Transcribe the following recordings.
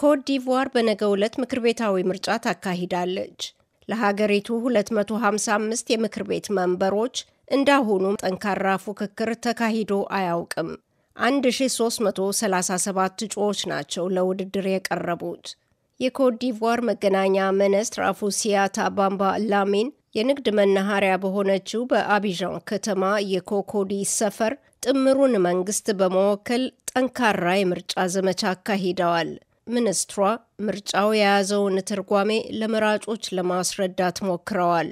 ኮት ዲቮር በነገው ዕለት ምክር ቤታዊ ምርጫ ታካሂዳለች። ለሀገሪቱ 255 የምክር ቤት መንበሮች እንዳሁኑም ጠንካራ ፉክክር ተካሂዶ አያውቅም። 1337 እጩዎች ናቸው ለውድድር የቀረቡት። የኮት ዲቮር መገናኛ ሚኒስትር አፉሲያታ ባምባ ላሚን የንግድ መናኸሪያ በሆነችው በአቢዣን ከተማ የኮኮዲ ሰፈር ጥምሩን መንግስት በመወከል ጠንካራ የምርጫ ዘመቻ አካሂደዋል። ሚኒስትሯ ምርጫው የያዘውን ትርጓሜ ለመራጮች ለማስረዳት ሞክረዋል።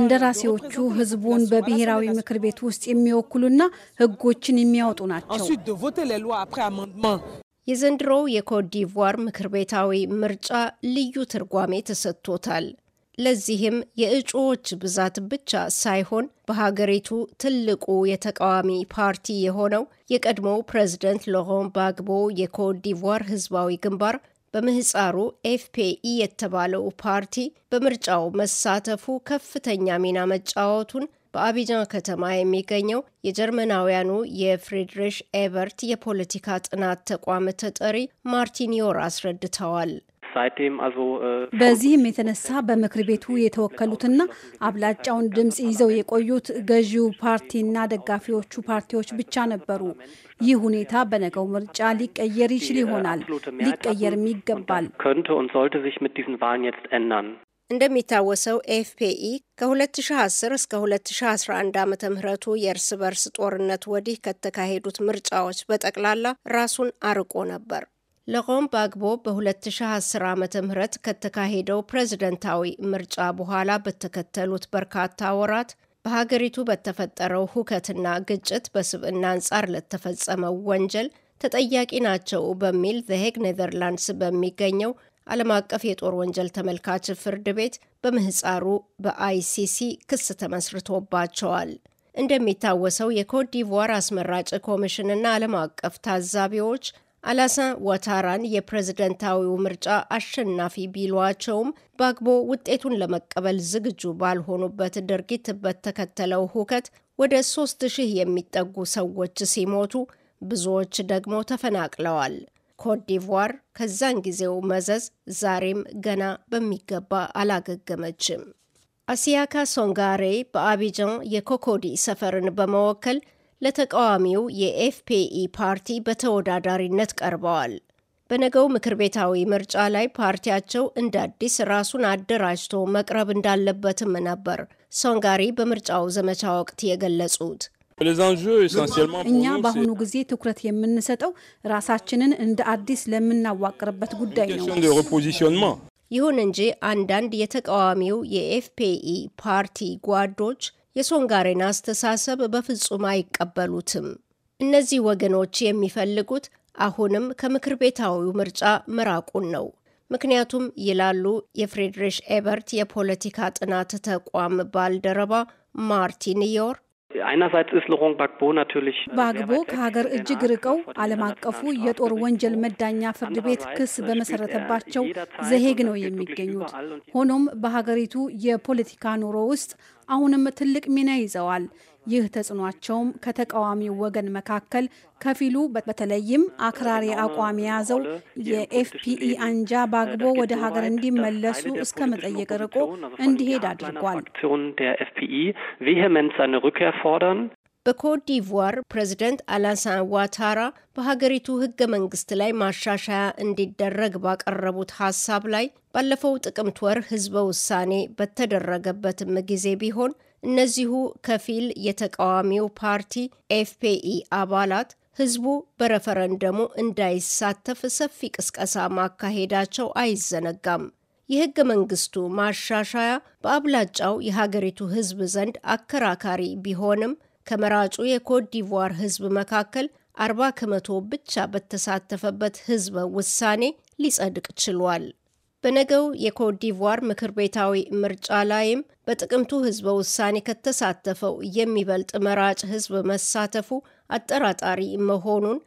እንደራሴዎቹ ህዝቡን በብሔራዊ ምክር ቤት ውስጥ የሚወክሉና ህጎችን የሚያወጡ ናቸው። የዘንድሮው የኮትዲቯር ምክር ቤታዊ ምርጫ ልዩ ትርጓሜ ተሰጥቶታል። ለዚህም የእጩዎች ብዛት ብቻ ሳይሆን በሀገሪቱ ትልቁ የተቃዋሚ ፓርቲ የሆነው የቀድሞው ፕሬዝደንት ሎሮን ባግቦ የኮትዲቯር ህዝባዊ ግንባር በምህፃሩ ኤፍፒኢ የተባለው ፓርቲ በምርጫው መሳተፉ ከፍተኛ ሚና መጫወቱን በአቢጃን ከተማ የሚገኘው የጀርመናውያኑ የፍሪድሪሽ ኤበርት የፖለቲካ ጥናት ተቋም ተጠሪ ማርቲን ዮር አስረድተዋል። Äh, በዚህም የተነሳ በምክር ቤቱ የተወከሉትና አብላጫውን ድምፅ ይዘው የቆዩት ገዢው ፓርቲና ደጋፊዎቹ ፓርቲዎች ብቻ ነበሩ። ይህ ሁኔታ በነገው ምርጫ ሊቀየር ይችል ይሆናል፣ ሊቀየርም ይገባል። እንደሚታወሰው ኤፍፒኢ ከ2010 እስከ 2011 ዓ ምቱ የእርስ በርስ ጦርነት ወዲህ ከተካሄዱት ምርጫዎች በጠቅላላ ራሱን አርቆ ነበር። ለቆም ባግቦ በ2010 ዓ ም ከተካሄደው ፕሬዝደንታዊ ምርጫ በኋላ በተከተሉት በርካታ ወራት በሀገሪቱ በተፈጠረው ሁከትና ግጭት በስብዕና አንጻር ለተፈጸመው ወንጀል ተጠያቂ ናቸው በሚል ዘሄግ ኔዘርላንድስ በሚገኘው ዓለም አቀፍ የጦር ወንጀል ተመልካች ፍርድ ቤት በምህፃሩ በአይሲሲ ክስ ተመስርቶባቸዋል። እንደሚታወሰው የኮትዲቯር አስመራጭ ኮሚሽንና ዓለም አቀፍ ታዛቢዎች አላሳን ዋታራን የፕሬዝደንታዊው ምርጫ አሸናፊ ቢሏቸውም ባግቦ ውጤቱን ለመቀበል ዝግጁ ባልሆኑበት ድርጊት በተከተለው ሁከት ወደ ሶስት ሺህ የሚጠጉ ሰዎች ሲሞቱ ብዙዎች ደግሞ ተፈናቅለዋል። ኮትዲቯር ከዛን ጊዜው መዘዝ ዛሬም ገና በሚገባ አላገገመችም። አሲያካ ሶንጋሬ በአቢጃን የኮኮዲ ሰፈርን በመወከል ለተቃዋሚው የኤፍፒኢ ፓርቲ በተወዳዳሪነት ቀርበዋል። በነገው ምክር ቤታዊ ምርጫ ላይ ፓርቲያቸው እንደ አዲስ ራሱን አደራጅቶ መቅረብ እንዳለበትም ነበር ሶንጋሪ በምርጫው ዘመቻ ወቅት የገለጹት። እኛ በአሁኑ ጊዜ ትኩረት የምንሰጠው ራሳችንን እንደ አዲስ ለምናዋቅርበት ጉዳይ ነው። ይሁን እንጂ አንዳንድ የተቃዋሚው የኤፍፒኢ ፓርቲ ጓዶች የሶንጋሬን አስተሳሰብ በፍጹም አይቀበሉትም። እነዚህ ወገኖች የሚፈልጉት አሁንም ከምክር ቤታዊው ምርጫ መራቁን ነው። ምክንያቱም ይላሉ የፍሬድሪሽ ኤበርት የፖለቲካ ጥናት ተቋም ባልደረባ ማርቲን ዮር በአግቦ ከሀገር እጅግ ርቀው ዓለም አቀፉ የጦር ወንጀል መዳኛ ፍርድ ቤት ክስ በመሰረተባቸው ዘሄግ ነው የሚገኙት። ሆኖም በሀገሪቱ የፖለቲካ ኑሮ ውስጥ አሁንም ትልቅ ሚና ይዘዋል። ይህ ተጽዕኗቸውም ከተቃዋሚው ወገን መካከል ከፊሉ በተለይም አክራሪ አቋም የያዘው የኤፍፒኢ አንጃ ባግቦ ወደ ሀገር እንዲመለሱ እስከ መጠየቅ ርቆ እንዲሄድ አድርጓል። በኮት ዲቯር ፕሬዚደንት አላሳን ዋታራ በሀገሪቱ ህገ መንግስት ላይ ማሻሻያ እንዲደረግ ባቀረቡት ሀሳብ ላይ ባለፈው ጥቅምት ወር ህዝበ ውሳኔ በተደረገበትም ጊዜ ቢሆን እነዚሁ ከፊል የተቃዋሚው ፓርቲ ኤፍፒኢ አባላት ህዝቡ በረፈረንደሙ እንዳይሳተፍ ሰፊ ቅስቀሳ ማካሄዳቸው አይዘነጋም። የህገ መንግስቱ ማሻሻያ በአብላጫው የሀገሪቱ ህዝብ ዘንድ አከራካሪ ቢሆንም ከመራጩ የኮዲቮር ህዝብ መካከል 40 ከመቶ ብቻ በተሳተፈበት ህዝበ ውሳኔ ሊጸድቅ ችሏል። በነገው የኮዲቮር ምክር ቤታዊ ምርጫ ላይም በጥቅምቱ ህዝበ ውሳኔ ከተሳተፈው የሚበልጥ መራጭ ህዝብ መሳተፉ አጠራጣሪ መሆኑን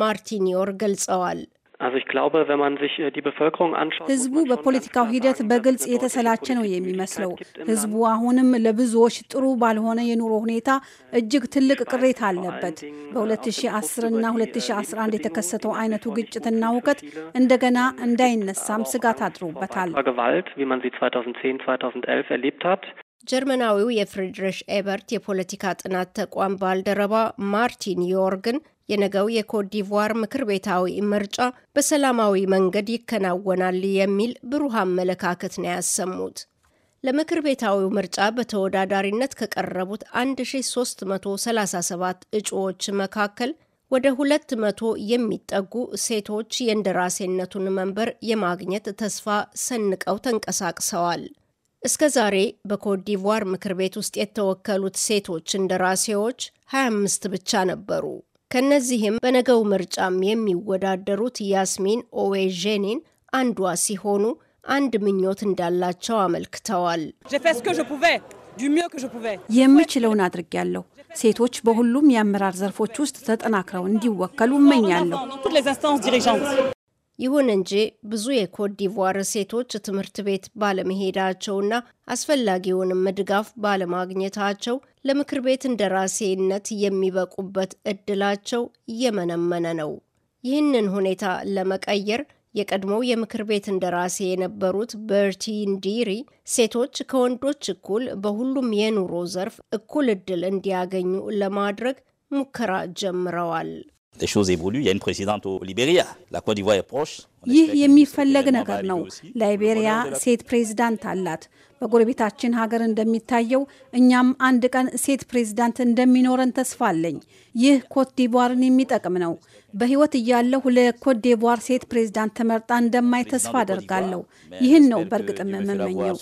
ማርቲኒዮር ገልጸዋል። ህዝቡ በፖለቲካው ሂደት በግልጽ የተሰላቸ ነው የሚመስለው። ህዝቡ አሁንም ለብዙዎች ጥሩ ባልሆነ የኑሮ ሁኔታ እጅግ ትልቅ ቅሬታ አለበት። በ2010 እና 2011 የተከሰተው አይነቱ ግጭትና ሁከት እንደገና እንዳይነሳም ስጋት አድሮበታል። ጀርመናዊው የፍሪድሪሽ ኤበርት የፖለቲካ ጥናት ተቋም ባልደረባ ማርቲን ዮርግን የነገው የኮትዲቯር ምክር ቤታዊ ምርጫ በሰላማዊ መንገድ ይከናወናል የሚል ብሩህ አመለካከት ነው ያሰሙት። ለምክር ቤታዊው ምርጫ በተወዳዳሪነት ከቀረቡት 1337 እጩዎች መካከል ወደ 200 የሚጠጉ ሴቶች የእንደራሴነቱን መንበር የማግኘት ተስፋ ሰንቀው ተንቀሳቅሰዋል። እስከ ዛሬ በኮትዲቯር ምክር ቤት ውስጥ የተወከሉት ሴቶች እንደራሴዎች 25 ብቻ ነበሩ። ከነዚህም በነገው ምርጫም የሚወዳደሩት ያስሚን ኦዌዤኒን አንዷ ሲሆኑ አንድ ምኞት እንዳላቸው አመልክተዋል። የምችለውን አድርጌያለሁ። ሴቶች በሁሉም የአመራር ዘርፎች ውስጥ ተጠናክረው እንዲወከሉ እመኛለሁ። ይሁን እንጂ ብዙ የኮት ዲቯር ሴቶች ትምህርት ቤት ባለመሄዳቸውና አስፈላጊውንም ድጋፍ ባለማግኘታቸው ለምክር ቤት እንደራሴነት የሚበቁበት እድላቸው እየመነመነ ነው። ይህንን ሁኔታ ለመቀየር የቀድሞው የምክር ቤት እንደራሴ የነበሩት በርቲ ሴቶች ከወንዶች እኩል በሁሉም የኑሮ ዘርፍ እኩል እድል እንዲያገኙ ለማድረግ ሙከራ ጀምረዋል። ይህ የሚፈለግ ነገር ነው። ላይቤሪያ ሴት ፕሬዝዳንት አላት። በጎረቤታችን ሀገር እንደሚታየው እኛም አንድ ቀን ሴት ፕሬዝዳንት እንደሚኖረን ተስፋ አለኝ። ይህ ኮት የሚጠቅም ነው። በሕይወት እያለሁ ለኮት ሴት ፕሬዝዳንት ተመርጣ እንደማይ ተስፋ አደርጋለሁ። ይህን ነው በእርግጥም የምመኘው።